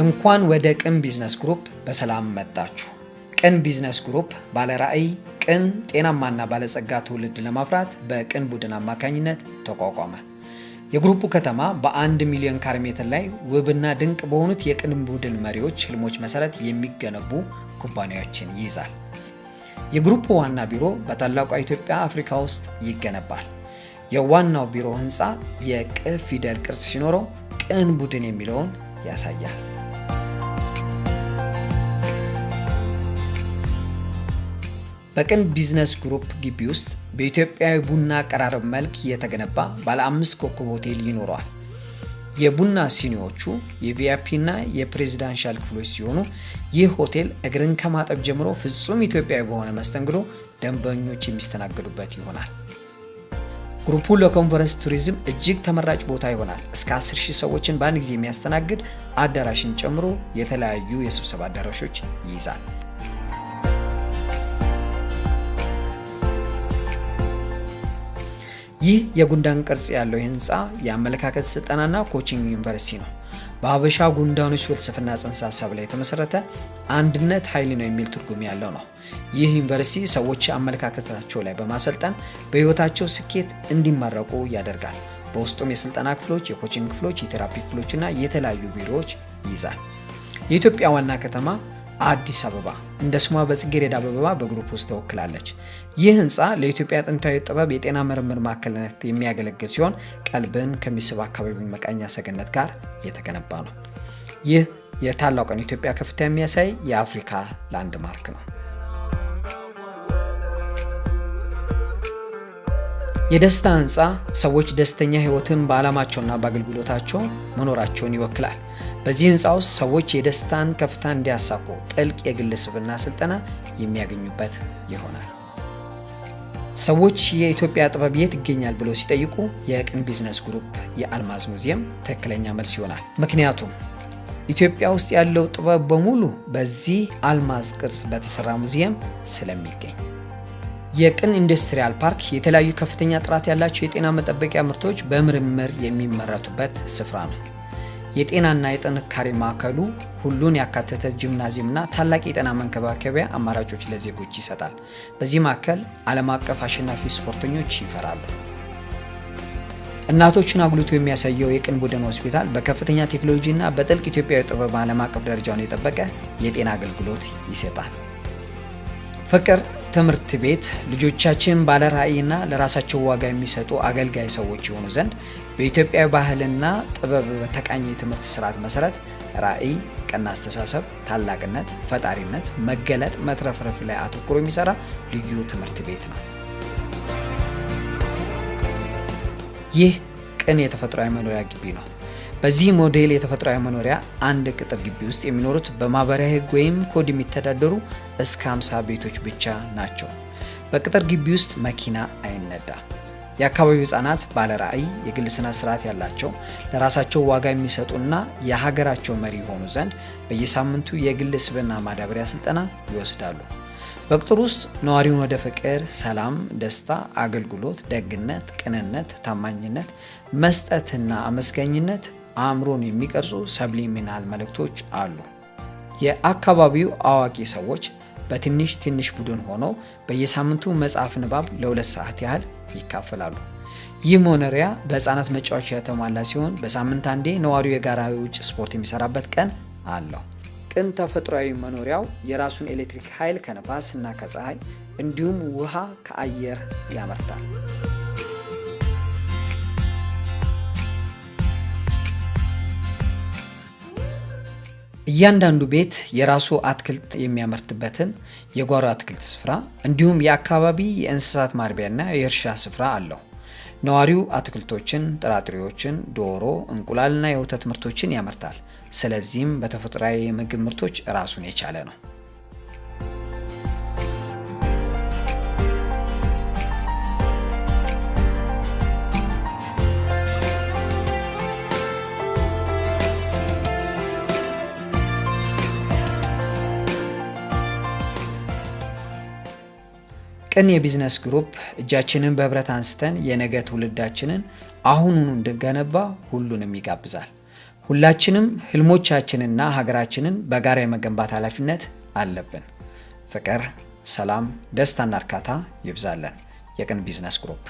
እንኳን ወደ ቅን ቢዝነስ ግሩፕ በሰላም መጣችሁ። ቅን ቢዝነስ ግሩፕ ባለራዕይ ቅን፣ ጤናማና ባለጸጋ ትውልድ ለማፍራት በቅን ቡድን አማካኝነት ተቋቋመ። የግሩፑ ከተማ በአንድ ሚሊዮን ካሬ ሜትር ላይ ውብና ድንቅ በሆኑት የቅን ቡድን መሪዎች ህልሞች መሰረት የሚገነቡ ኩባንያዎችን ይይዛል። የግሩፑ ዋና ቢሮ በታላቋ ኢትዮጵያ አፍሪካ ውስጥ ይገነባል። የዋናው ቢሮ ህንፃ የቅ ፊደል ቅርጽ ሲኖረው ቅን ቡድን የሚለውን ያሳያል። በቅን ቢዝነስ ግሩፕ ግቢ ውስጥ በኢትዮጵያዊ ቡና አቀራረብ መልክ የተገነባ ባለ አምስት ኮከብ ሆቴል ይኖረዋል። የቡና ሲኒዎቹ የቪአይፒ እና የፕሬዚዳንሻል ክፍሎች ሲሆኑ ይህ ሆቴል እግርን ከማጠብ ጀምሮ ፍጹም ኢትዮጵያዊ በሆነ መስተንግዶ ደንበኞች የሚስተናገዱበት ይሆናል። ግሩፑ ለኮንፈረንስ ቱሪዝም እጅግ ተመራጭ ቦታ ይሆናል። እስከ 10 ሺህ ሰዎችን በአንድ ጊዜ የሚያስተናግድ አዳራሽን ጨምሮ የተለያዩ የስብሰባ አዳራሾች ይይዛል። ይህ የጉንዳን ቅርጽ ያለው ህንፃ የአመለካከት ስልጠናና ኮችንግ ዩኒቨርሲቲ ነው። በሀበሻ ጉንዳኖች ፍልስፍና ጽንሰ ሀሳብ ላይ የተመሰረተ አንድነት ኃይል ነው የሚል ትርጉም ያለው ነው። ይህ ዩኒቨርሲቲ ሰዎች አመለካከታቸው ላይ በማሰልጠን በህይወታቸው ስኬት እንዲመረቁ ያደርጋል። በውስጡም የስልጠና ክፍሎች፣ የኮችንግ ክፍሎች፣ የቴራፒ ክፍሎችና የተለያዩ ቢሮዎች ይይዛል። የኢትዮጵያ ዋና ከተማ አዲስ አበባ እንደ ስሟ በጽጌረዳ አበባ በግሩፕ ውስጥ ተወክላለች። ይህ ህንፃ ለኢትዮጵያ ጥንታዊ ጥበብ የጤና ምርምር ማዕከልነት የሚያገለግል ሲሆን ቀልብን ከሚስብ አካባቢ መቃኛ ሰገነት ጋር የተገነባ ነው። ይህ የታላቋን ኢትዮጵያ ከፍታ የሚያሳይ የአፍሪካ ላንድማርክ ነው። የደስታ ህንፃ ሰዎች ደስተኛ ህይወትን በዓላማቸውና በአገልግሎታቸው መኖራቸውን ይወክላል። በዚህ ህንፃ ውስጥ ሰዎች የደስታን ከፍታ እንዲያሳኩ ጥልቅ የግለሰብና ስልጠና የሚያገኙበት ይሆናል። ሰዎች የኢትዮጵያ ጥበብ የት ይገኛል ብለው ሲጠይቁ የቅን ቢዝነስ ግሩፕ የአልማዝ ሙዚየም ትክክለኛ መልስ ይሆናል። ምክንያቱም ኢትዮጵያ ውስጥ ያለው ጥበብ በሙሉ በዚህ አልማዝ ቅርጽ በተሰራ ሙዚየም ስለሚገኝ የቅን ኢንዱስትሪያል ፓርክ የተለያዩ ከፍተኛ ጥራት ያላቸው የጤና መጠበቂያ ምርቶች በምርምር የሚመረቱበት ስፍራ ነው። የጤናና የጥንካሬ ማዕከሉ ሁሉን ያካተተ ጂምናዚየምና ታላቅ የጤና መንከባከቢያ አማራጮች ለዜጎች ይሰጣል። በዚህ ማዕከል ዓለም አቀፍ አሸናፊ ስፖርተኞች ይፈራሉ። እናቶችን አጉልቶ የሚያሳየው የቅን ቡድን ሆስፒታል በከፍተኛ ቴክኖሎጂና በጥልቅ ኢትዮጵያዊ ጥበብ ዓለም አቀፍ ደረጃውን የጠበቀ የጤና አገልግሎት ይሰጣል። ፍቅር ትምህርት ቤት ልጆቻችን ባለ ራዕይና ለራሳቸው ዋጋ የሚሰጡ አገልጋይ ሰዎች የሆኑ ዘንድ በኢትዮጵያ ባህልና ጥበብ በተቃኘ የትምህርት ስርዓት መሰረት ራዕይ፣ ቀና አስተሳሰብ፣ ታላቅነት፣ ፈጣሪነት፣ መገለጥ፣ መትረፍረፍ ላይ አተኩሮ የሚሰራ ልዩ ትምህርት ቤት ነው። ይህ ቅን የተፈጥሯዊ መኖሪያ ግቢ ነው። በዚህ ሞዴል የተፈጥሯዊ መኖሪያ አንድ ቅጥር ግቢ ውስጥ የሚኖሩት በማህበራዊ ህግ ወይም ኮድ የሚተዳደሩ እስከ 50 ቤቶች ብቻ ናቸው። በቅጥር ግቢ ውስጥ መኪና አይነዳ። የአካባቢው ህጻናት ባለ ራዕይ፣ የግል ስነ ስርዓት ያላቸው ለራሳቸው ዋጋ የሚሰጡና የሀገራቸው መሪ የሆኑ ዘንድ በየሳምንቱ የግል ስብና ማዳበሪያ ስልጠና ይወስዳሉ። በቅጥር ውስጥ ነዋሪውን ወደ ፍቅር፣ ሰላም፣ ደስታ፣ አገልግሎት፣ ደግነት፣ ቅንነት፣ ታማኝነት፣ መስጠትና አመስጋኝነት አእምሮን የሚቀርጹ ሰብሊሚናል መልእክቶች አሉ። የአካባቢው አዋቂ ሰዎች በትንሽ ትንሽ ቡድን ሆነው በየሳምንቱ መጽሐፍ ንባብ ለሁለት ሰዓት ያህል ይካፈላሉ። ይህ መኖሪያ በህፃናት መጫወቻ የተሟላ ሲሆን በሳምንት አንዴ ነዋሪው የጋራ የውጭ ስፖርት የሚሰራበት ቀን አለው። ቅን ተፈጥሯዊ መኖሪያው የራሱን ኤሌክትሪክ ኃይል ከነፋስ እና ከፀሐይ እንዲሁም ውሃ ከአየር ያመርታል። እያንዳንዱ ቤት የራሱ አትክልት የሚያመርትበትን የጓሮ አትክልት ስፍራ እንዲሁም የአካባቢ የእንስሳት ማርቢያና የእርሻ ስፍራ አለው። ነዋሪው አትክልቶችን፣ ጥራጥሬዎችን፣ ዶሮ፣ እንቁላልና የወተት ምርቶችን ያመርታል። ስለዚህም በተፈጥሯዊ የምግብ ምርቶች ራሱን የቻለ ነው። ቅን የቢዝነስ ግሩፕ እጃችንን በህብረት አንስተን የነገ ትውልዳችንን አሁኑኑ እንድንገነባ ሁሉንም ይጋብዛል። ሁላችንም ህልሞቻችንና ሀገራችንን በጋራ የመገንባት ኃላፊነት አለብን። ፍቅር፣ ሰላም፣ ደስታና እርካታ ይብዛለን። የቅን ቢዝነስ ግሩፕ